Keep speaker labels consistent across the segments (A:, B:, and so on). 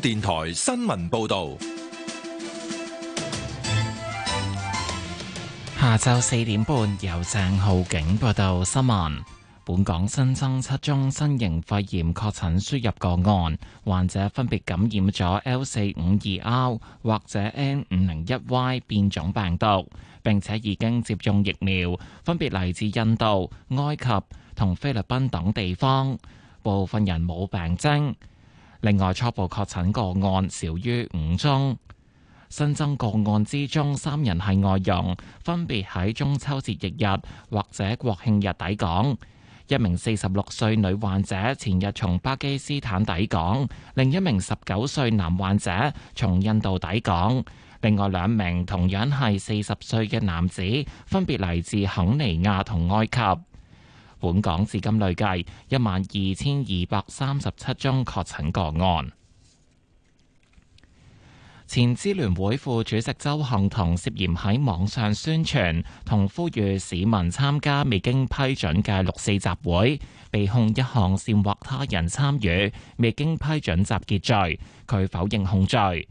A: 電台新聞報道，
B: 下晝四點半由鄭浩景報道新聞。本港新增七宗新型肺炎確診輸入個案，患者分別感染咗 L 四五二 R 或者 N 五零一 Y 變種病毒，並且已經接種疫苗，分別嚟自印度、埃及同菲律賓等地方，部分人冇病徵。另外，初步確診個案少於五宗，新增個案之中，三人係外傭，分別喺中秋節翌日或者國慶日抵港。一名四十六歲女患者前日從巴基斯坦抵港，另一名十九歲男患者從印度抵港，另外兩名同樣係四十歲嘅男子，分別嚟自肯尼亞同埃及。本港至今累計一萬二千二百三十七宗確診個案。前支聯會副主席鄒幸彤涉嫌喺網上宣傳同呼籲市民參加未經批准嘅六四集會，被控一項煽惑他人參與未經批准集結罪。佢否認控罪，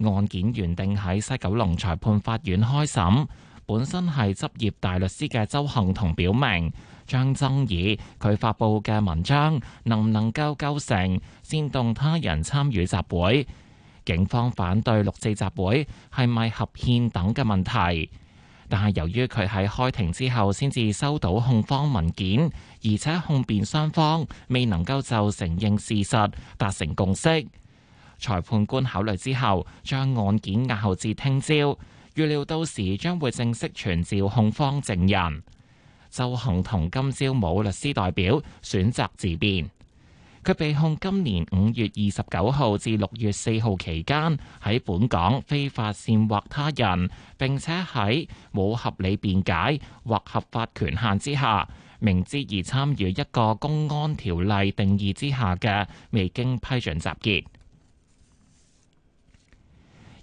B: 案件原定喺西九龍裁判法院開審。本身係執業大律師嘅鄒幸彤表明，將爭議佢發佈嘅文章能唔能夠構成煽動他人參與集會？警方反對六四集會係咪合憲等嘅問題？但係由於佢喺開庭之後先至收到控方文件，而且控辯雙方未能夠就承認事實達成共識，裁判官考慮之後將案件押後至聽朝，預料到時將會正式傳召控方證人。周恒同今朝冇律師代表，選擇自辯，佢被控今年五月二十九號至六月四號期間喺本港非法煽惑他人，並且喺冇合理辯解或合法權限之下，明知而參與一個公安條例定義之下嘅未經批准集結。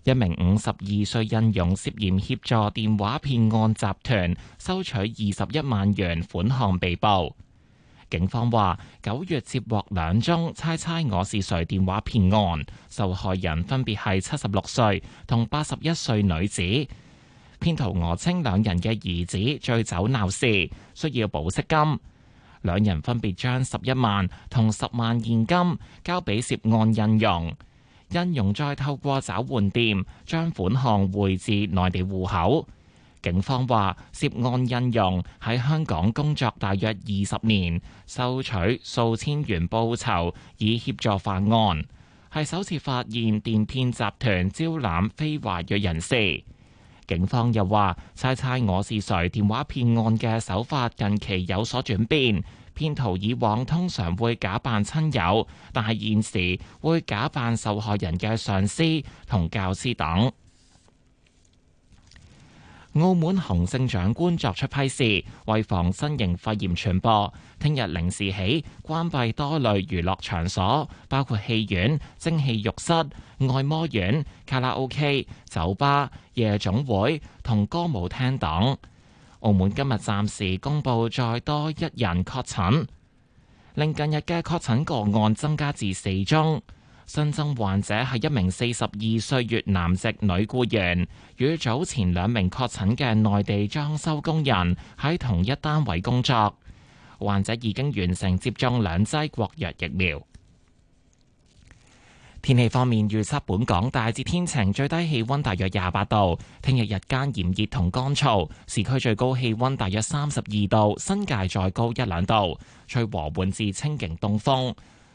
B: 一名五十二歲印傭涉嫌協助電話騙案集團收取二十一萬元款項被捕。警方話，九月接獲兩宗猜猜我是誰電話騙案，受害人分別係七十六歲同八十一歲女子。騙徒訛稱兩人嘅兒子醉酒鬧事，需要保釋金，兩人分別將十一萬同十萬現金交俾涉案印傭。印傭再透過找換店將款項匯至內地戶口。警方話，涉案印傭喺香港工作大約二十年，收取數千元報酬以協助犯案，係首次發現電騙集團招攬非華裔人士。警方又話，猜猜我是誰電話騙案嘅手法近期有所轉變。騙徒以往通常會假扮親友，但係現時會假扮受害人嘅上司同教師等。澳門行政長官作出批示，為防新型肺炎傳播，聽日零時起關閉多類娛樂場所，包括戲院、蒸汽浴室、按摩院、卡拉 OK、酒吧、夜總會同歌舞廳等。澳門今日暫時公布再多一人確診，令近日嘅確診個案增加至四宗。新增患者係一名四十二歲越南籍女僱員，與早前兩名確診嘅內地裝修工人喺同一單位工作。患者已經完成接種兩劑國藥疫苗。天氣方面，預測本港大致天晴，最低氣溫大約廿八度。聽日日間炎熱同乾燥，市區最高氣溫大約三十二度，新界再高一兩度，吹和緩至清勁東風，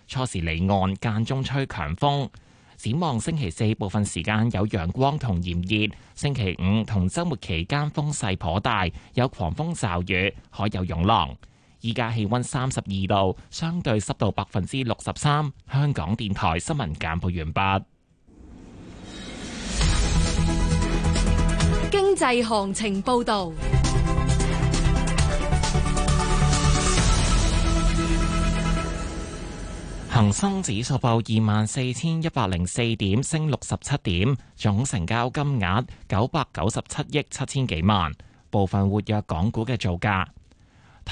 B: 初時離岸，間中吹強風。展望星期四部分時間有陽光同炎熱，星期五同周末期間風勢頗大，有狂風驟雨，海有湧浪。依家氣溫三十二度，相對濕度百分之六十三。香港電台新聞簡報完畢。
C: 經濟行情報道，
B: 恒生指數報二萬四千一百零四點，升六十七點，總成交金額九百九十七億七千幾萬。部分活躍港股嘅造價。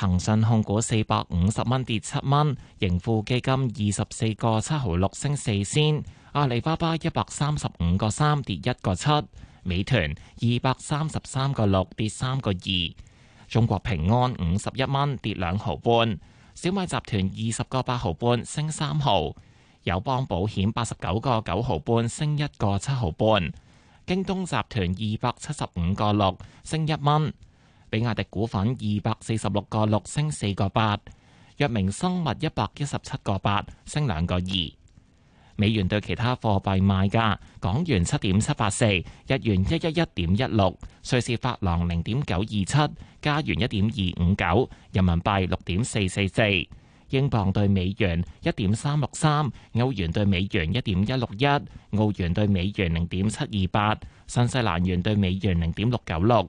B: 騰訊控股四百五十蚊跌七蚊，盈富基金二十四個七毫六升四仙，阿里巴巴一百三十五個三跌一個七，美團二百三十三個六跌三個二，中國平安五十一蚊跌兩毫半，小米集團二十個八毫半升三毫，友邦保險八十九個九毫半升一個七毫半，京東集團二百七十五個六升一蚊。比亞迪股份二百四十六個六升四個八，藥明生物一百一十七個八升兩個二。美元對其他貨幣賣價：港元七點七八四，日元一一一點一六，瑞士法郎零點九二七，加元一點二五九，人民幣六點四四四，英鎊對美元一點三六三，歐元對美元一點一六一，澳元對美元零點七二八，新西蘭元對美元零點六九六。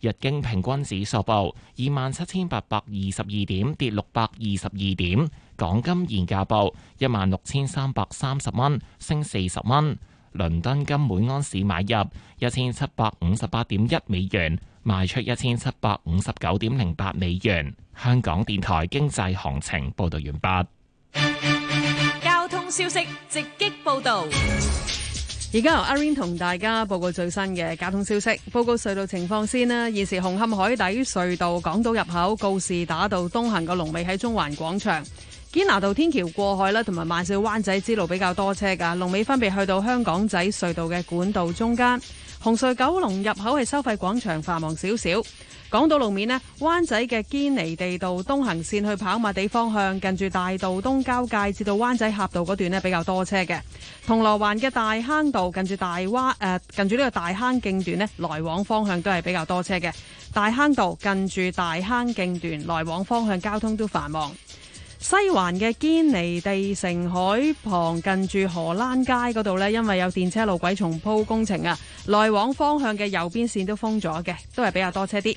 B: 日經平均指數報二萬七千八百二十二點，跌六百二十二點。港金現價報一萬六千三百三十蚊，升四十蚊。倫敦金每安士買入一千七百五十八點一美元，賣出一千七百五十九點零八美元。香港電台經濟行情報道完畢。
C: 交通消息直擊報道。而家由阿 rain 同大家報告最新嘅交通消息。報告隧道情況先啦，現時紅磡海底隧道港島入口告士打道東行個龍尾喺中環廣場，堅拿道天橋過海啦，同埋萬兆灣仔支路比較多車噶，龍尾分別去到香港仔隧道嘅管道中間，紅隧九龍入口係收費廣場繁忙少少。講到路面呢，灣仔嘅堅尼地道東行綫去跑馬地方向，近住大道東交界至到灣仔峽道嗰段呢，比較多車嘅。銅鑼灣嘅大坑道近住大灣，誒、啊，近住呢個大坑徑段呢，來往方向都係比較多車嘅。大坑道近住大坑徑段來往方向交通都繁忙。西環嘅堅尼地城海旁近住荷蘭街嗰度呢，因為有電車路軌重鋪工程啊，來往方向嘅右邊綫都封咗嘅，都係比較多車啲。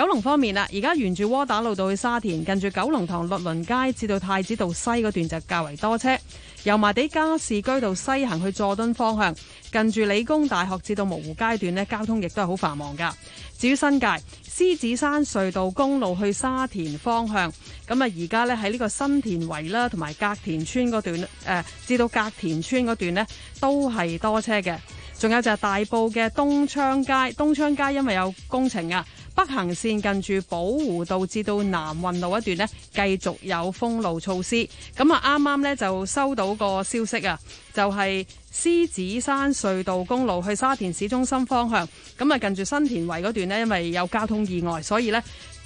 C: 九龍方面啦，而家沿住窩打路到去沙田，近住九龍塘律倫街至到太子道西嗰段就較為多車。油麻地加士居道西行去佐敦方向，近住理工大學至到蕪湖街段咧，交通亦都係好繁忙噶。至於新界獅子山隧道公路去沙田方向，咁啊，而家咧喺呢個新田圍啦，同埋隔田村嗰段誒，至、呃、到隔田村嗰段咧都係多車嘅。仲有就係大埔嘅東昌街，東昌街因為有工程啊。北行線近住寶湖道至到南運路一段呢，繼續有封路措施。咁啊，啱啱呢就收到個消息啊，就係、是、獅子山隧道公路去沙田市中心方向，咁啊近住新田圍嗰段呢，因為有交通意外，所以呢，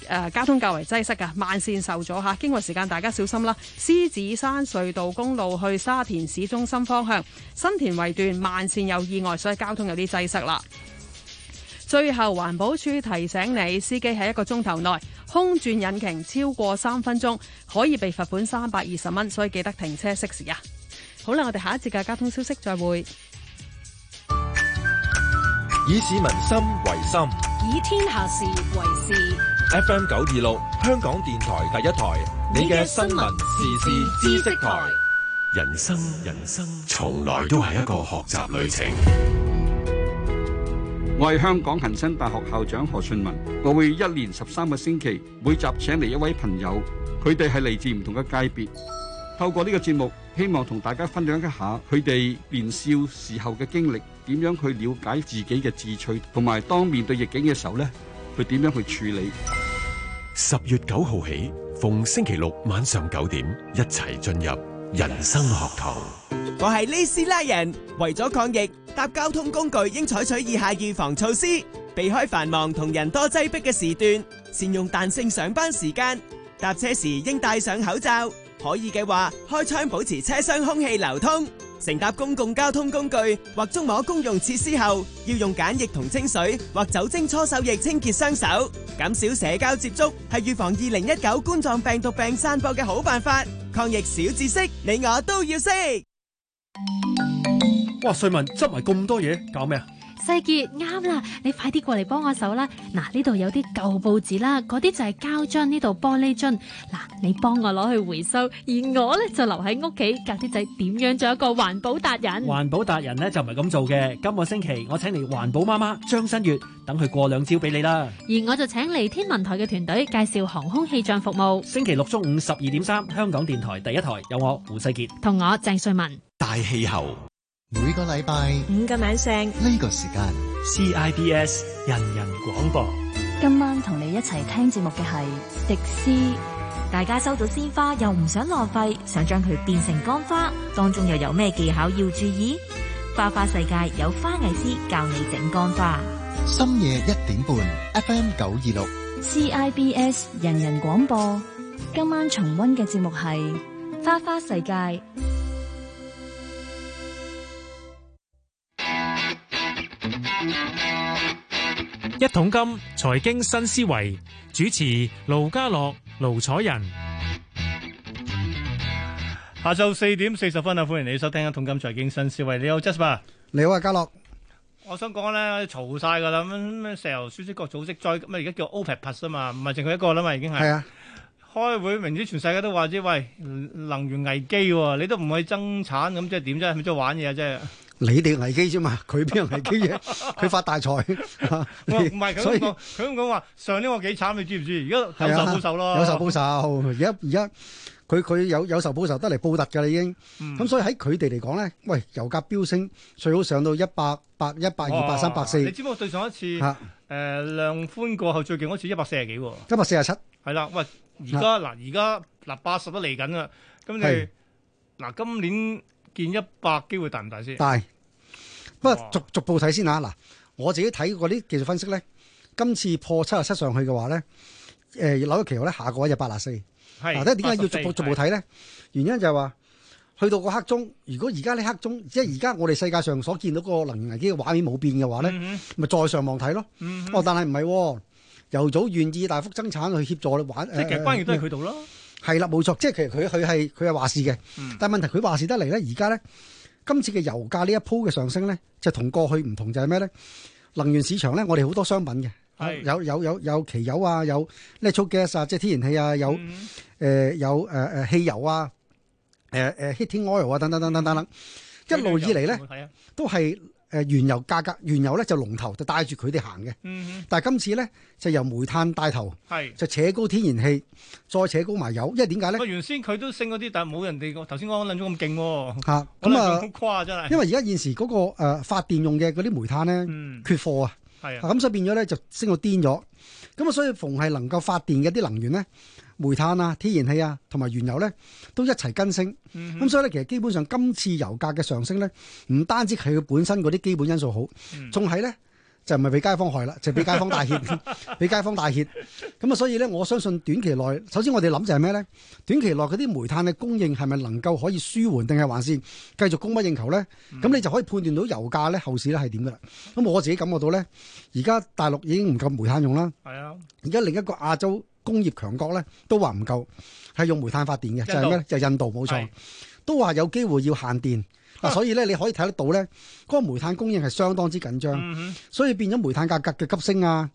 C: 誒交通較為擠塞啊。慢線受阻吓。經過時間，大家小心啦。獅子山隧道公路去沙田市中心方向，新田圍段慢線有意外，所以交通有啲擠塞啦。最後，環保署提醒你，司機喺一個鐘頭內空轉引擎超過三分鐘，可以被罰款三百二十蚊，所以記得停車熄匙啊！好啦，我哋下一節嘅交通消息再會。
B: 以市民心為心，
C: 以天下事為事。
B: FM 九二六，香港電台第一台，你嘅新聞時事知識台。
D: 人生，人生從來都係一個學習旅程。我係香港恒生大學校長何傳文。我會一連十三個星期，每集請嚟一位朋友，佢哋係嚟自唔同嘅界別，透過呢個節目，希望同大家分享一下佢哋年少時候嘅經歷，點樣去了解自己嘅智趣，同埋當面對逆境嘅時候呢，佢點樣去處理。十月九號起，逢星期六晚上九點，一齊進入。
B: 人生學堂，我係呢斯拉人。為咗抗疫，搭交通工具應採取以下預防措施：避開繁忙同人多擠迫嘅時段，善用彈性上班時間。搭車時應戴上口罩，可以嘅話開窗保持車廂空氣流通。乘搭公共交通工具或觸摸公用設施後，要用梘液同清水或酒精搓手液清潔雙手。減少社交接觸係預防二零一九冠狀病毒病散播嘅好辦法。抗疫小知識，
C: 你我都要識。
D: 哇！瑞文執埋咁多嘢，搞咩
C: 啊？世杰啱啦，你快啲過嚟幫我手啦！嗱，呢度有啲舊報紙啦，嗰啲就係膠樽，呢度玻璃樽，嗱，你幫我攞去回收，而我呢就留喺屋企教啲仔點樣做一個環保達人。環
D: 保達人呢就唔係咁做嘅，今個星期我請嚟環保媽媽張新月，等佢過兩招俾你啦。
C: 而我就請嚟天文台嘅團隊介紹航空氣象服務。星期六中午十二點三，香港電台第一台有我胡世杰，同我鄭瑞文，大氣候。每個禮拜五個晚上呢
D: 個時間，CIBS 人人廣播。
C: 今晚同你一齊聽節目嘅係迪斯。大家收到鮮花又唔想浪費，想將佢變成乾花，當中又有咩技巧要注意？花花世界有花藝師教你整乾花。
D: 深夜一點半，FM 九二六，CIBS
C: 人人廣播。今晚重温嘅節目係花花世界。
B: 桶金財經新思維主
A: 持盧家樂、盧彩仁，下晝四點四十分啊！歡迎你收聽《桶金財經新思維》。你好 Jasper，你好啊，家樂。我想講咧，嘈晒噶啦咁，石油輸出國組織再咁，而家叫 OPEC+ 嘛，唔係淨佢一個啦嘛，已經係。係啊！開會，明知全世界都話啫，喂，能源危機，你都唔去增產咁，即係點啫？咪即係玩嘢啊，即係。
D: 你哋危機啫嘛，佢邊樣危機啫？佢發大財。我唔係佢咁
A: 講，佢咁講話上年我幾慘，你知唔知？而家有受補受仇報
D: 仇咯，有仇報仇。而家而家佢佢有有仇報仇得嚟報答㗎啦已經。咁所以喺佢哋嚟講咧，喂，油價飆升，最好上到一百八、一百二、百三、百四。你知唔
A: 知我對上一次誒量寬過後最勁嗰次一百四十幾？一百四十七。係啦，喂！而家嗱，而家嗱八十都嚟緊啦。咁你嗱今年？見一百機會大唔大先？大，
D: 不過逐逐步睇先嚇。嗱，我自己睇嗰啲技術分析咧，今次破七十七上去嘅話咧，誒、呃、扭一期後咧，下個話就八十四。係是，嗱、啊，點解要逐步84，逐步睇咧？是原因就係話，去到個黑中，如果而家呢黑中，即係而家我哋世界上所見到個能源危機嘅畫面冇變嘅話咧，咪再、嗯、哼上望睇咯。嗯、哼哦，但係唔係？由早願意大幅增產去協助你玩，呃、即其實關鍵都係佢度咯。呃呃係啦，冇錯，即係其實佢佢係佢係話事嘅，嗯、但係問題佢話事得嚟咧，而家咧今次嘅油價呢一鋪嘅上升咧，就同過去唔同，就係咩咧？能源市場咧，我哋好多商品嘅是，有有有有，有汽油啊，有 natural gas 啊，即係天然氣啊，有誒有誒誒汽油啊，誒誒 heating oil 啊，等等，等等等等等等，一路以嚟咧都係。誒原油價格，原油咧就龍頭就帶住佢哋行嘅。嗯哼，但係今次咧就由煤炭帶頭，係是就扯高天然氣，再扯高埋油，因為點解
A: 咧？原先佢都升嗰啲，但係冇人哋頭先講嗰種咁勁喎。嚇，咁啊，好誇，真係。因為
D: 而家現時嗰、那個誒、呃、發電用嘅嗰啲煤炭咧，缺貨、嗯、啊，係啊，咁所以變咗咧就升到癲咗。咁啊，所以逢係、嗯、能夠發電嘅啲能源咧。煤炭啊、天然氣啊同埋原油咧，都一齊跟升。咁、mm hmm. 所以咧，其實基本上今次油價嘅上升咧，唔單止係佢本身嗰啲基本因素好，仲係咧就唔係俾街坊害啦，就係、是、俾街坊大 heat，俾街坊大 heat。咁啊，所以咧，我相信短期內，首先我哋諗就係咩咧？短期內嗰啲煤炭嘅供應係咪能夠可以舒緩，定係還是繼續供不應求咧？咁、mm hmm. 你就可以判斷到油價咧後市咧係點噶啦。咁我自己感覺到咧，而家大陸已經唔夠煤炭用啦。係啊，而家另一個亞洲，工業強國咧都話唔夠，係用煤炭發電嘅度，就係咩咧？就係印度，冇錯，是都話有機會要限電。嗱、啊，所以咧你可以睇得到咧，嗰、那個煤炭供應係相當之緊張，嗯、哼所以變咗煤炭價格嘅急升啊，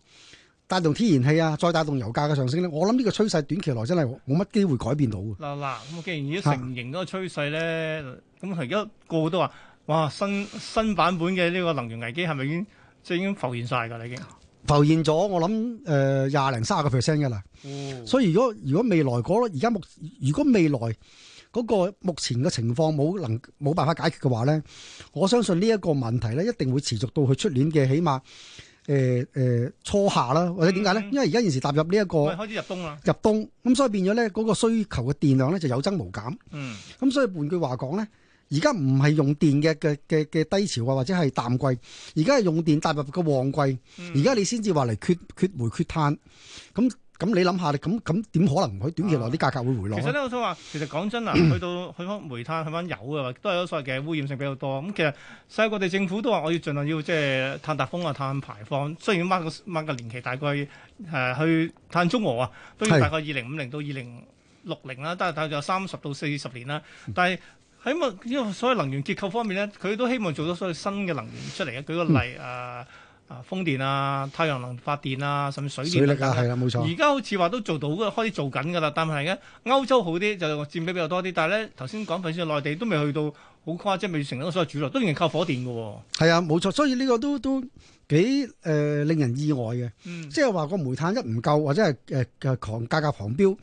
D: 帶動天然氣啊，再帶動油價嘅上升咧。我諗呢個趨勢短期內真係冇乜機會改變到
A: 嗱嗱，咁、啊、既然已經成型嗰個趨勢咧，咁佢而家個個都話，哇，新新版本嘅呢個能源危機係咪已經即係已經浮現晒㗎啦已經？
D: 浮現咗，我諗誒廿零卅個 percent 噶啦，呃哦、所以如果如果未來嗰而家目如果未來個目前嘅情況冇能冇辦法解決嘅話咧，我相信呢一個問題咧一定會持續到去出年嘅起碼誒誒初夏啦，或者點解咧？嗯、因為而家現時踏入呢、這、一個開始入冬啦，入冬咁，所以變咗咧嗰個需求嘅電量咧就有增無減，咁、嗯、所以換句話講咧。而家唔係用電嘅嘅嘅嘅低潮啊，或者係淡季，而家係用電踏入個旺季，而家、嗯、你先至話嚟缺缺煤缺碳咁咁，你諗下，你咁咁點可能佢短期內啲價格會回落？其實咧，
A: 我想話，其實講真啊，去到去翻煤炭有，去翻油啊，都係有所謂嘅污染性比較多。咁其實世界各地政府都話，我要盡量要即係碳達峰啊，碳排放雖然掹個掹個年期大概誒、呃、去碳中和啊，都要大概二零五零到二零六零啦，都係大概三十到四十年啦，但係、嗯。喺物因為所謂能源結構方面咧，佢都希望做到所謂新嘅能源出嚟啊！舉個例，誒誒、嗯啊、風電啊、太陽能發電啊，甚至水、電等等水力啊，係啦，冇錯。而家好似話都做到嘅，開始做緊嘅啦。但係咧，歐洲好啲，就佔比比較多啲。但係咧，頭先講翻先，內地都未去到好誇張，即未成為咗所謂主流，都仍然靠火電嘅喎、
D: 哦。係啊，冇錯。所以呢個都都幾誒、呃、令人意外嘅，即係話個煤炭一唔夠或者係誒誒狂價格狂飆。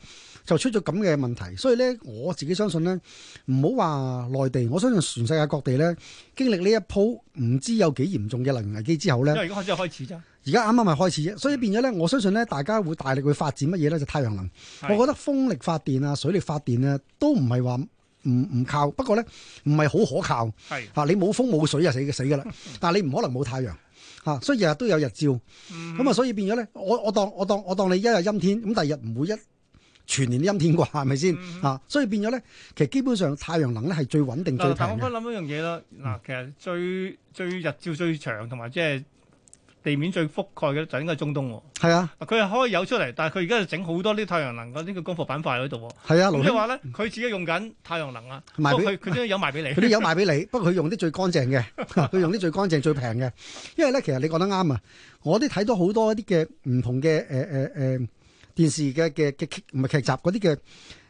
D: 就出咗咁嘅問題，所以咧我自己相信咧，唔好話內地，我相信全世界各地咧經歷呢一波唔知有幾嚴重嘅能源危機之後咧，因為而家
A: 開始開始開始
D: 啫。而家啱啱咪開始啫，所以變咗咧，我相信咧，大家會大力去發展乜嘢咧？就太陽能。嗯、我覺得風力發電啊、水力發電啊都唔係話唔唔靠，不過咧唔係好可靠。係、嗯、啊，你冇風冇水啊，死嘅死噶啦！但係你唔可能冇太陽吓、啊，所以日日都有日照。咁、嗯、啊，所以變咗咧，我我當我當我當你一日陰天，咁第二日唔會一。全年陰天啩，係咪先啊？所以變咗咧，其實基本上太陽能咧係最穩定、最平嘅。
A: 嗱，我諗一樣嘢咯。嗱，其實最最日照最長同埋即係地面最覆蓋嘅就應該係中東喎。係啊，佢係、啊、可以有出嚟，但係佢而家就整好多啲太陽能嗰啲嘅光伏板塊喺度。係啊，即係話咧，佢、嗯、自己用緊太陽能給啊，有賣俾佢，佢都有賣俾你。佢都有賣俾你，
D: 不過佢用啲最乾淨嘅，佢 用啲最乾淨、最平嘅。因為咧，其實你講得啱啊，我都睇到好多一啲嘅唔同嘅誒誒誒。呃呃呃電視嘅嘅嘅劇唔係劇集嗰啲嘅，誒、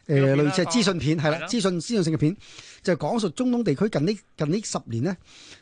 D: 呃、類似資訊片係啦、啊啊，資訊資訊性嘅片就是、講述中東地區近呢近呢十年咧，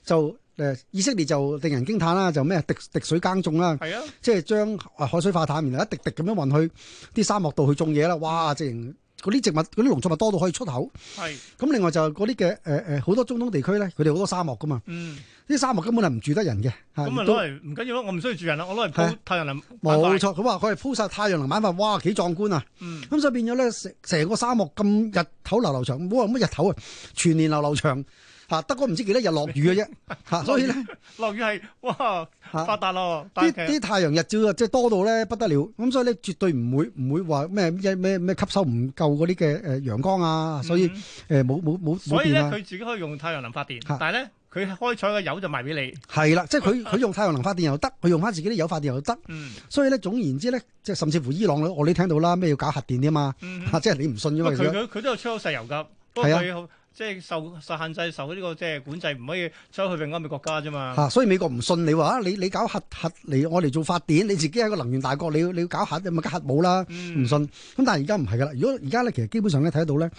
D: 就誒、呃、以色列就令人驚歎啦，就咩滴滴水耕種啦，係啊，即係將海水化淡，然後一滴滴咁樣運去啲沙漠度去種嘢啦，哇！直情～嗰啲植物，嗰啲農作物多到可以出口。係，咁另外就嗰啲嘅誒誒，好多中東地區咧，佢哋好多沙漠噶嘛。嗯，啲沙漠根本係唔住得人嘅。咁咪、嗯、都嚟唔緊要
A: 咯，我唔需要住人啦，我攞嚟鋪太陽
D: 能板塊。冇錯，佢話佢係鋪晒太陽能板塊，哇，幾壯觀啊！嗯，咁所以變咗咧，成成個沙漠咁日頭流流長，冇話乜日頭啊，全年流流長。嚇得嗰唔知幾多日落雨嘅啫，嚇，所以咧，
A: 落雨係哇，發達咯，啲啲
D: 太陽日照啊，即係多到咧不得了，咁所以咧絕對唔會唔會話咩一咩咩吸收唔夠嗰啲嘅誒陽光啊，所以誒冇冇冇冇電啊。所以咧佢
A: 自己可以用太陽能發電，但係咧佢開採嘅油就賣俾你。
D: 係啦，即係佢佢用太陽能發電又得，佢用翻自己啲油發電又得。嗯。所以咧總言之咧，即係甚至乎伊朗我哋都聽到啦，咩要搞核電啲嘛，嚇，即係你唔信啫嘛。佢佢
A: 佢都有出口石油㗎，不過佢好。即係受受限制，受呢
D: 個即係管制，唔可以出去併安美國家啫嘛。嚇、啊，所以美國唔信你話啊，你你，你搞核核嚟我嚟做發電，你自己係一個能源大國，你要你要搞核，咪核武啦，唔、嗯、信。咁但係而家唔係噶啦，如果而家咧，其實基本上咧睇得到咧，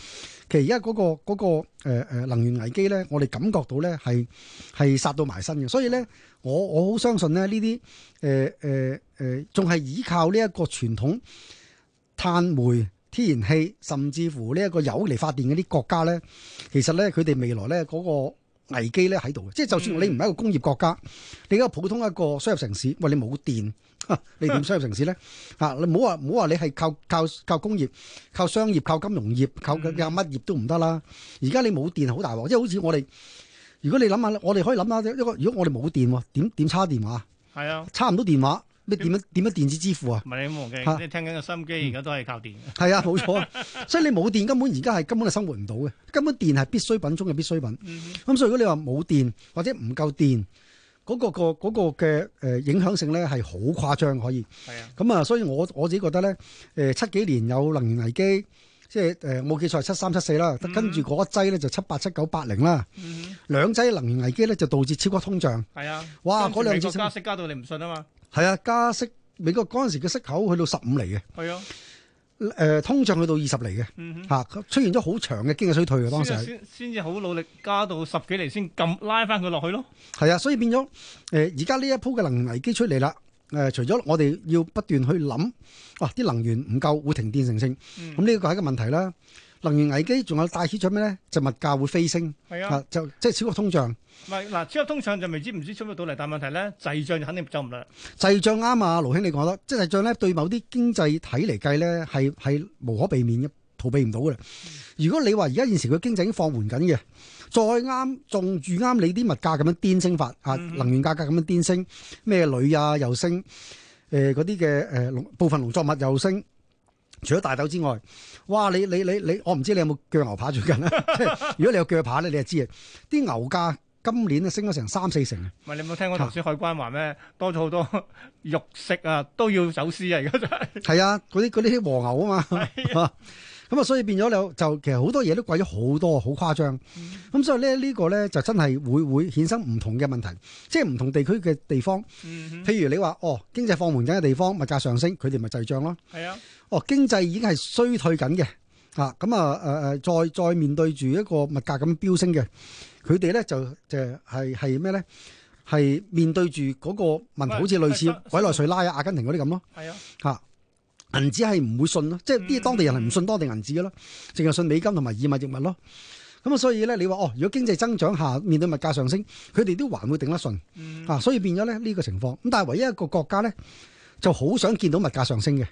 D: 其實而家嗰個嗰、那個、那個呃、能源危機咧，我哋感覺到咧係係殺到埋身嘅。所以咧，我我好相信咧呢啲誒誒誒，仲、呃、係、呃、依靠呢一個傳統碳煤。天然氣甚至乎呢一個油嚟發電嘅啲國家咧，其實咧佢哋未來咧嗰個危機咧喺度。即係就算你唔係一個工業國家，你一個普通一個商業城市，喂你冇電，哈哈你點商業城市咧？吓、 啊、你唔好話唔好話你係靠靠靠工業、靠商業、靠金融業、靠靠乜業都唔得啦。而家你冇電好大鑊，即係好似我哋，如果你諗下，我哋可以諗下，一個如果我哋冇電點點差電話？係啊的，差唔多電話。咩點樣點樣電子支付啊？唔係
A: 你忘記，即係聽緊
D: 個心機，而家都係靠電。係啊，冇錯啊。所以你冇電，根本而家係根本係生活唔到嘅。根本電係必需品中嘅必需品。咁所以如果你話冇電或者唔夠電，嗰個個嗰個嘅誒影響性咧係好誇張，可以。係啊。咁啊，所以我我自己覺得咧，誒七幾年有能源危機，即係誒冇記錯七三七四啦，跟住嗰一劑咧就七八七九八零啦。嗯哼。兩劑能源危機咧就導致超過通脹。係啊。哇！嗰兩劑加
A: 息加到你唔信啊嘛～
D: 係啊，加息，美國嗰陣時嘅息口去到十五厘嘅。係啊，誒、呃，通脹去到二十厘嘅，吓、嗯哼，出現咗好長嘅經濟衰退嘅當時，先
A: 先至好努力加到十幾厘，先撳拉翻佢落去咯。
D: 係啊，所以變咗，誒、呃，而家呢一鋪嘅能源危機出嚟啦，誒、呃，除咗我哋要不斷去諗，哇、啊，啲能源唔夠會停電成性，咁呢個係一個問題啦。嗯能源危機仲有帶起咗咩咧？就物價會飛升，係啊，啊，就即係超過通脹。
A: 係嗱、啊，超過通脹就未知唔知出唔出到嚟，但係問題咧，滯脹就肯定走唔嚟。
D: 滯脹啱啊，盧兄，你講得，即係滯脹咧，對某啲經濟體嚟計咧，係係無可避免嘅，逃避唔到噶啦。嗯、如果你話而家現時個經濟已經放緩緊嘅，再啱仲遇啱你啲物價咁樣癲升法、嗯、哼升啊，能源價格咁樣癲升，咩鋁啊又升，誒，嗰啲嘅誒部分農作物又升。除咗大豆之外，哇！你你你你，我唔知你有冇鋸牛扒最近啦。 即係如果你有鋸扒，咧，你就知啊。啲牛價今年咧升咗成三四成嘅。
A: 唔係你有冇聽過頭先海關話咩？啊、多咗好多肉食啊，都要走私啊！而家
D: 就係、是。係啊，嗰啲嗰啲和牛啊嘛。 的 咁啊，所以變咗你就其實好多嘢都貴咗好多，好誇張。咁、嗯、所以咧，呢個咧就真係會會衍生唔同嘅問題，即係唔同地區嘅地方。嗯、哼譬如你話哦，經濟放緩緊嘅地方，物價上升，佢哋咪滯脹咯。係是啊，哦，經濟已經係衰退緊嘅嚇，咁啊誒誒、啊啊，再再面對住一個物價咁飆升嘅，佢哋咧就就係係咩咧？係面對住嗰個問題，喂好似類似委內瑞拉啊、阿根廷嗰啲咁咯。係的是啊，嚇。銀紙係唔會信咯，即係啲當地人係唔信當地銀紙嘅咯，淨係信美金同埋以物易物咯。咁啊，所以咧，你話哦，如果經濟增長下面對物價上升，佢哋都還會頂得順、嗯、啊，所以變咗咧呢、呢個情況。咁但係唯一一個國家咧，就好想見到物價上升嘅。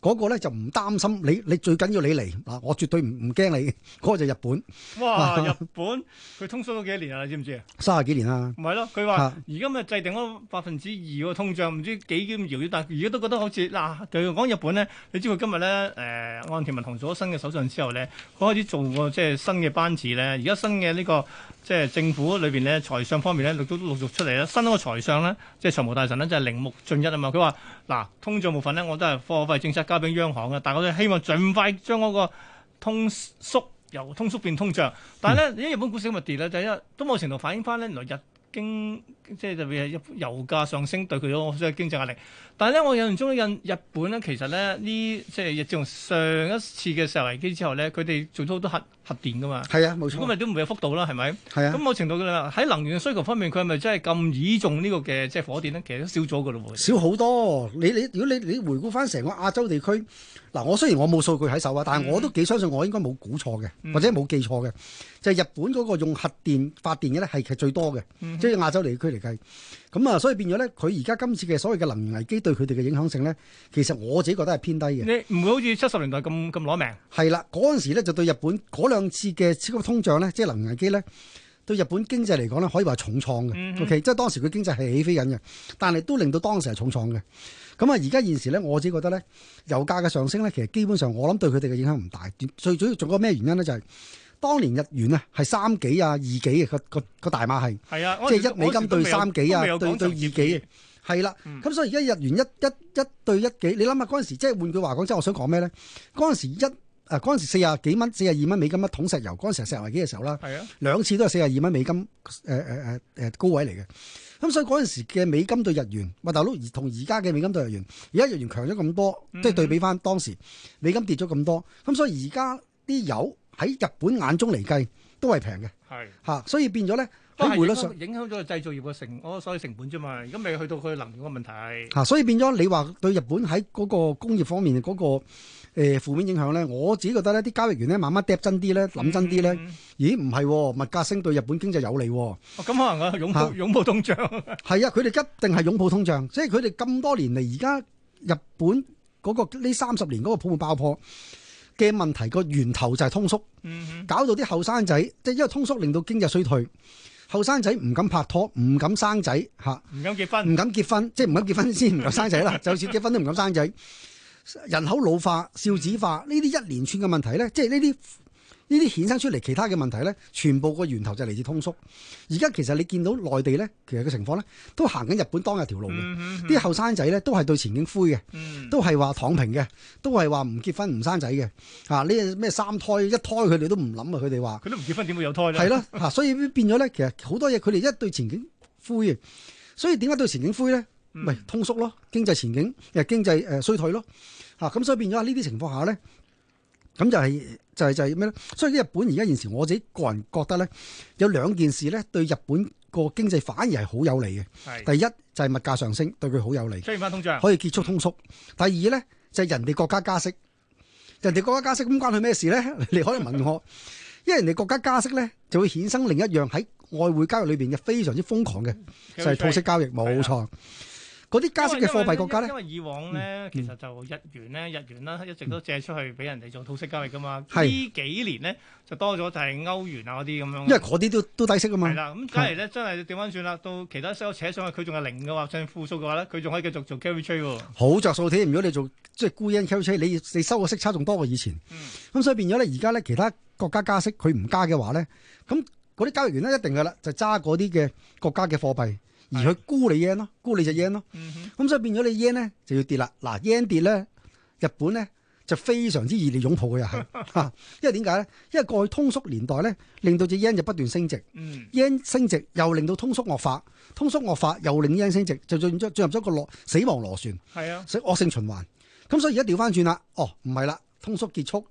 D: 嗰個咧就唔擔心你，你最緊要你嚟嗱，我絕對唔唔驚你。嗰、嗰個就日本。哇！日
A: 本佢 通縮咗幾多年啊？你知唔知？
D: 卅幾年啦。唔係咯？佢話而
A: 家咪制定咗百分之二個通脹，唔知幾咁遙遠，但係而家都覺得好似嗱、啊，就要、是、講日本咧。你知佢今日咧誒，岸田文雄做咗新嘅首相之後咧，佢開始做個即係新嘅班子咧。而家新嘅呢、呢個。即係政府裏邊，咧財相方面咧，陸續陸續出嚟啦，新嗰個財相咧即係財務大臣咧就係鈴木俊一啊嘛。佢話嗱，通脹部分咧，我都係貨幣政策交俾央行嘅，但我都希望盡快將嗰個通縮由通縮變通脹。但係咧，日本股市咪跌咧，就係因為都冇程度反映翻咧，原來日經即係特別係油價上升對佢有好多經濟壓力。但係咧，我印象中印日本咧其實咧呢即係自從上一次嘅石油危機之後咧，佢哋做咗好多核。核電噶嘛？係啊，冇錯。咁咪都唔會有幅度啦，係咪？係啊。咁某程度嘅喇，喺能源嘅需求方面，佢係咪真係咁倚重呢個嘅即係火電咧？其實都少咗嘅咯喎，少好
D: 多。你你如果你你，你回顧翻成個亞洲地區嗱，我雖然我冇數據喺手啊，但係我都幾相信我應該冇估錯嘅，或者冇記錯嘅，就係、是、日本嗰個用核電發電嘅咧係其實最多嘅，即係、嗯、哼亞洲地區嚟計。咁啊，所以變咗咧，佢而家今次嘅所謂嘅能源危機對佢哋嘅影響性咧，其實我自己覺得係偏低嘅。
A: 你唔會好似七十年代咁咁攞命？
D: 係啦，嗰陣時咧就對日本嗰兩次嘅超級通脹咧，即係能源危機咧，對日本經濟嚟講咧，可以話重創嘅。嗯、哼 o、okay? K，即係當時佢經濟係起飛緊嘅，但係都令到當時係重創嘅。咁啊，而家現時咧，我自己覺得咧，油價嘅上升咧，其實基本上我諗對佢哋嘅影響唔大。最主要仲有個咩原因咧？就係、是。當年日元咧係三幾啊、二幾嘅個個個大碼，係啊，即係一美金對三幾啊，對二幾，幾，係啦。咁所以而家日元一一一對一幾，你諗下嗰陣時，即係換句話講，即係我想講咩咧？嗰陣時一誒，嗰陣時四廿幾蚊、四廿二蚊美金一桶石油，嗰陣時係石油危機嘅時候啦。係是啊，兩次都係四廿二蚊美金誒誒誒誒高位嚟嘅。咁所以嗰陣時嘅美金對日元，喂大佬，而同而家嘅美金對日元，而家日元強咗咁多，即係對比翻當時美金跌咗咁多。咁所以而家啲油。嗯嗯嗯喺日本眼中嚟計都係平嘅，係吓是、啊，所以變咗咧喺匯率上
A: 影響咗個製造業嘅成，我所以成本啫嘛。而家未去到佢能源個問題吓、啊，所以
D: 變咗你話對日本喺嗰個工業方面嗰、那個誒負、呃、面影響咧，我自己覺得咧，啲交易員咧慢慢嗒 d 真啲咧，諗真啲咧，嗯、咦唔係、啊、物價升對日本經濟有利、啊，咁
A: 可能啊擁、啊、抱擁抱
D: 通脹係啊，佢哋、 啊、一定係擁抱通脹，即係佢哋咁多年嚟，而家日本嗰個呢三十年嗰個泡沫爆破。嘅問題個源頭就係通縮，搞到啲後生仔，即係因為通縮令到經濟衰退，後生仔唔敢拍拖，唔敢生仔，嚇，唔敢結婚，唔敢結婚，即係唔敢結婚先唔敢生仔啦， 就算結婚都唔敢生仔，人口老化、少子化呢啲一連串嘅問題咧，即係呢啲。呢啲衍生出嚟其他嘅問題咧，全部個源頭就嚟自通縮。而家其實你見到內地咧，其實嘅情況咧都行緊日本當日條路嘅。啲後生仔咧都係對前景灰嘅、嗯，都係話躺平嘅，都係話唔結婚唔生仔嘅。啊！呢咩三胎一胎佢哋都唔諗啊，佢哋話佢
A: 都唔結婚點會有胎咧？係咯，
D: 嚇！所以變咗咧，其實好多嘢佢哋一對前景灰嘅，所以點解對前景灰咧？唔係、嗯、通縮咯，經濟前景誒經濟誒衰退咯。嚇、啊！咁所以變咗呢啲情況下咧，咁就係、是。就係就係咩咧？所以日本而家現時，我自己個人覺得咧，有兩件事咧，對日本個經濟反而係好有利嘅。的第一就係、是、物價上升，對佢好有利，可以結束通縮。第二咧就係、是、人哋國家加息，人哋國家加息咁關佢咩事咧？ 你可以問我，因為人哋國家加息咧，就會衍生另一樣喺外匯交易裏邊嘅非常之瘋狂嘅，就係、是、套息交易，冇錯吧。錯嗰啲加息嘅貨幣國家咧，因為
A: 以往咧、嗯、其實就日元咧，日元啦一直都借出去俾人哋做套息交易噶嘛。呢、嗯、幾年咧就多咗就係歐元啊嗰啲咁樣。因
D: 為嗰啲都都低息噶嘛。係啦，咁
A: 加嚟咧真係點樣算啦？到其他所有扯上去，佢仲係零嘅話，甚至負數嘅話咧，佢仲可以繼續做 carry trade 喎。
D: 好着數添，如果你做即係 buy and carry 你你收個息差仲多過以前。咁、嗯、所以變咗咧，而家咧其他國家加息，佢唔加嘅話咧，咁嗰啲交易員咧一定噶啦，就揸嗰啲嘅國家嘅貨幣。而佢沽你 yen 咯，沽你就 yen 咯，咁、嗯、哼所以變咗你 yen 咧就要跌啦。嗱 yen 跌咧，日本咧就非常之熱烈擁抱佢又係嚇， 因為點解咧？因為過去通縮年代咧，令到隻 yen 就不斷升值，yen、嗯、升值又令到通縮惡化，通縮惡化又令 yen 升值，就進入入咗一個死亡螺旋，係啊，惡性循環。咁所以而家調翻轉啦，哦唔係啦，通縮結束，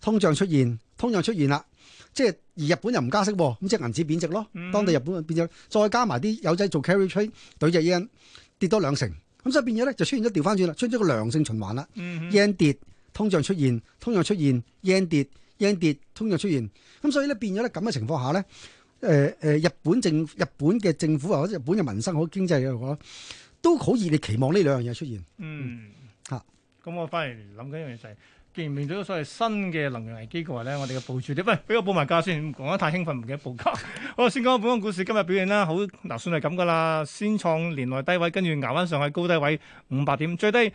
D: 通脹出現，通脹出現啦。即係而日本又唔加息，咁即係銀紙貶值咯。嗯、當地日本又變咗，再加埋啲友仔做 carry trade，兌隻 yen 跌多兩成，咁、嗯、所以變咗咧就出現咗調返轉啦，出現咗個良性循環啦。yen、嗯、跌，通脹出現，通脹出現，yen 跌，yen 跌、跌、跌，通脹出現，咁、嗯、所以咧變咗咧咁嘅情況下咧，誒、呃、誒，日本政府日本嘅政府或者日本嘅民生或者經濟嘅話，都好熱烈期望呢兩樣嘢出現。嗯
A: 嗯咁、嗯、我翻嚟諗緊一樣嘢就係、是，既然面對咗所謂新嘅能源危機嘅話咧，我哋嘅部署啲，喂俾我報埋價先，講得太興奮，唔記得報價。我 先講下本港股市今日表現啦，好嗱，算係咁噶啦，先創年內低位，跟住挨翻上去高低位五百點，最低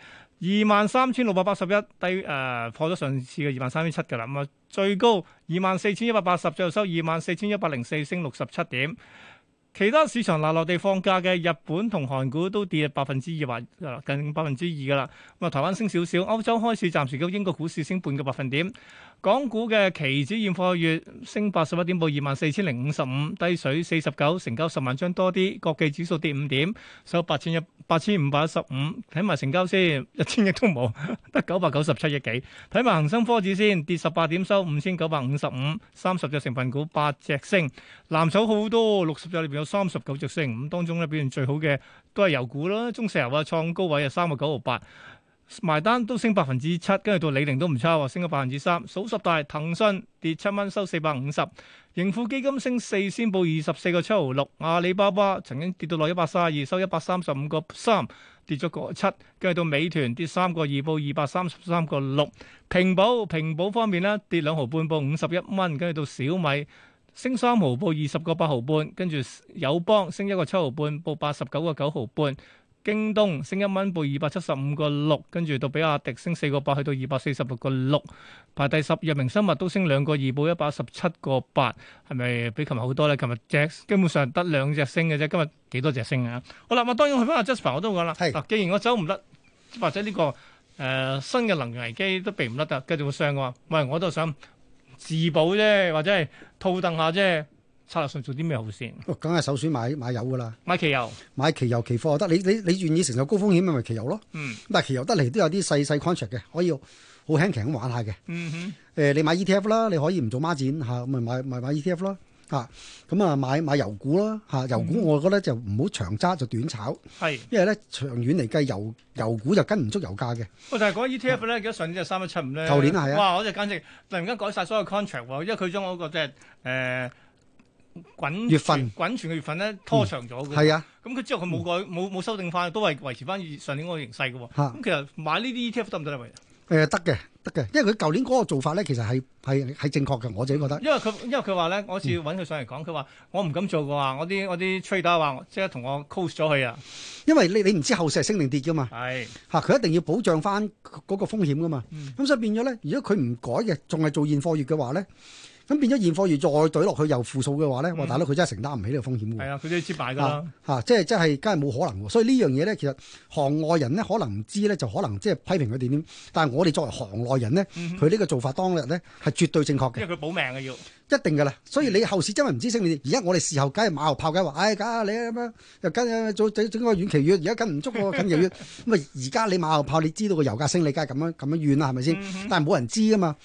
A: 二萬三千六百八十一，低、呃、誒破咗上次嘅二萬三千七噶啦。咁啊，最高二萬四千一百八十，最後收二萬四千一百零四，升六十七點。其他市場嗱落地放假嘅日本同韓股都跌百分之二或近百分之二㗎啦，咁啊，台灣升少少，歐洲開市暫時咁，英國股市升半個百分點。港股嘅期指現貨月升八十一點報二萬四千零五十五，低水四十九，成交十萬張多啲。國企指數跌五點，收八千一八千五百一十五。睇埋成交先，一千億都冇，得九百九十七億幾。睇埋恒生科指先，跌十八點，收五千九百五十五，三十隻成分股八隻升，藍籌好多，六十隻裏邊有三十九隻升。五當中咧表現最好嘅都係油股啦，中石油啊創高位啊，三個九毫八。埋單都升百分之七，跟住到李寧都唔差喎，升咗百分之三。數十大，騰訊跌七蚊，收四百五十，盈富基金升四先，報二十四個七毫六。阿里巴巴曾經跌到落一百三十二，收一百三十五個三，跌咗個七。跟住到美團跌三個二，報二百三十三個六。平保平保方面呢，跌兩毫半，報五十一蚊，跟住到小米升三毫，報二十個八毫半，跟住友邦升一個七毫半，報八十九個九毫半。京東升一蚊，報二百七十五個六，跟住到比亞迪升四個八，去到二百四十六個六，排第十。日明生物都升兩個二，報一百一十七個八，係咪比琴日好多咧？琴日只基本上得兩隻升嘅啫，今日幾多隻升啊？好啦，咁當然去翻阿 Jasper，我都講啦，嗱是，既然我走唔甩，或者呢、這個誒、呃、新嘅能源危機都避唔甩啊，繼續會上嘅話，喂，我都想自保啫，或者係套凳下啫。策略上做啲咩好先？
D: 梗係、哦、首選買買油噶啦，買期油，買期油期貨得。你你你願意承受高風險咪咪期油咯。嗯，但係期油得嚟都有啲細細 contract 嘅，可以好輕輕咁玩下嘅。嗯哼。誒、呃，你買 ETF 啦，你可以唔做孖展嚇，咪買咪買 ETF 啦嚇。咁啊買買油股啦嚇、啊，油股我覺得就唔好長揸，就短炒。係、嗯。因為咧長遠嚟計，油油股就跟唔足油價嘅。
A: 我就係講 ETF 咧，幾多上年係三一七五咧。舊年係啊。哇！我就簡直突然間改晒所有 contract 喎，因為佢將我個即係誒。呃滾份，滾存嘅月份咧拖長咗嘅，係、嗯、啊，咁佢之後佢冇改冇冇修訂翻，都係維持翻上年嗰個形勢嘅。咁、啊、其實買呢啲 ETF 得唔得咧？喂、呃，
D: 誒，得嘅，得嘅，因為佢舊年嗰個做法咧，其實係係係正確嘅，我自己覺得。
A: 因為佢因為佢話咧，我上次揾佢上嚟講，佢話、嗯、我唔敢做嘅話，我啲我啲 trader 話即刻同我 close 咗佢啊。
D: 因為你你唔知後市升定跌噶嘛，係吓是，佢、啊、一定要保障翻嗰個風險噶嘛。咁、嗯嗯、所以變咗咧，如果佢唔改嘅，仲係做現貨月嘅話咧。咁變咗現貨如再懟落去又負數嘅話咧，嗯、哇大佬佢真係承擔唔起呢個風險喎、嗯
A: 啊。啊，佢
D: 都要折埋㗎。嚇，即係即係，梗係冇可能喎。所以呢樣嘢咧，其實行外人咧可能唔知咧，就可能即係批評佢點點。但係我哋作為行內人咧，佢呢、嗯、哼個做法當日咧係絕對正確嘅。
A: 因為
D: 佢保命嘅要。一定㗎啦，所以你後市真係唔知升跌。而、嗯哎、家我哋事後梗係馬後炮，梗係話，唉，梗係你咁樣又跟做整整個遠期月，而家跟唔足近期月。咁啊，而家 你馬後炮，你知道個油價升，你梗係咁樣咁樣怨啦，係咪先？但係冇人知啊嘛。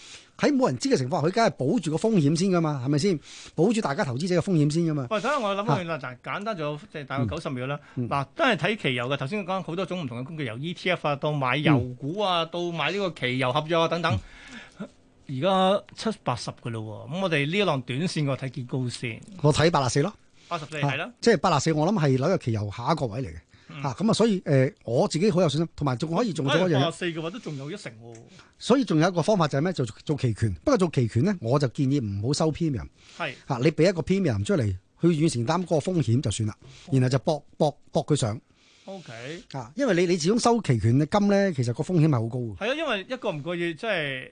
D: 喺冇人知嘅情況，佢梗係保住個風險先噶嘛，係咪先？保住大家投資者嘅風險先噶嘛。喂，
A: 等以我諗翻嚟啦，啊、簡單咗即係大概九十秒啦。嗱、嗯，都係睇期油嘅。頭先講好多種唔同嘅工具，由 ETF、啊、到買油股啊，嗯、到買呢個期油合約啊等等。而家七八十嘅咯喎，咁、嗯、我哋呢一浪短線我睇幾高先？
D: 我睇八十四咯，八十四係咯，啊、即係八十四。我諗係紐約期油下一個位嚟嘅。嚇咁、嗯、啊！所以誒、呃，我自己好有信心，同埋仲可以做咗一樣。六十
A: 四嘅話都仲有一成喎。
D: 所以仲有一個方法就係咩？就做，做期權。不過做期權咧，我就建議唔好收 premium 是、啊。你俾一個 premium 出嚟，去願承擔嗰個風險就算啦。然後就搏搏搏佢上。
A: OK。嚇、啊！因
D: 為你你始終收期權嘅金咧，其實個風險係好高㗎。
A: 係啊，因為一個唔過月即係。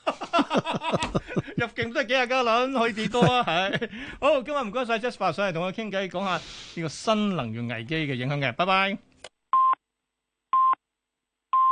A: 入境都係幾廿加輪，可以幾多啊？係，好，今日唔該晒，Jasper 上嚟同我傾偈，講下呢個新能源危機嘅影響嘅，拜拜。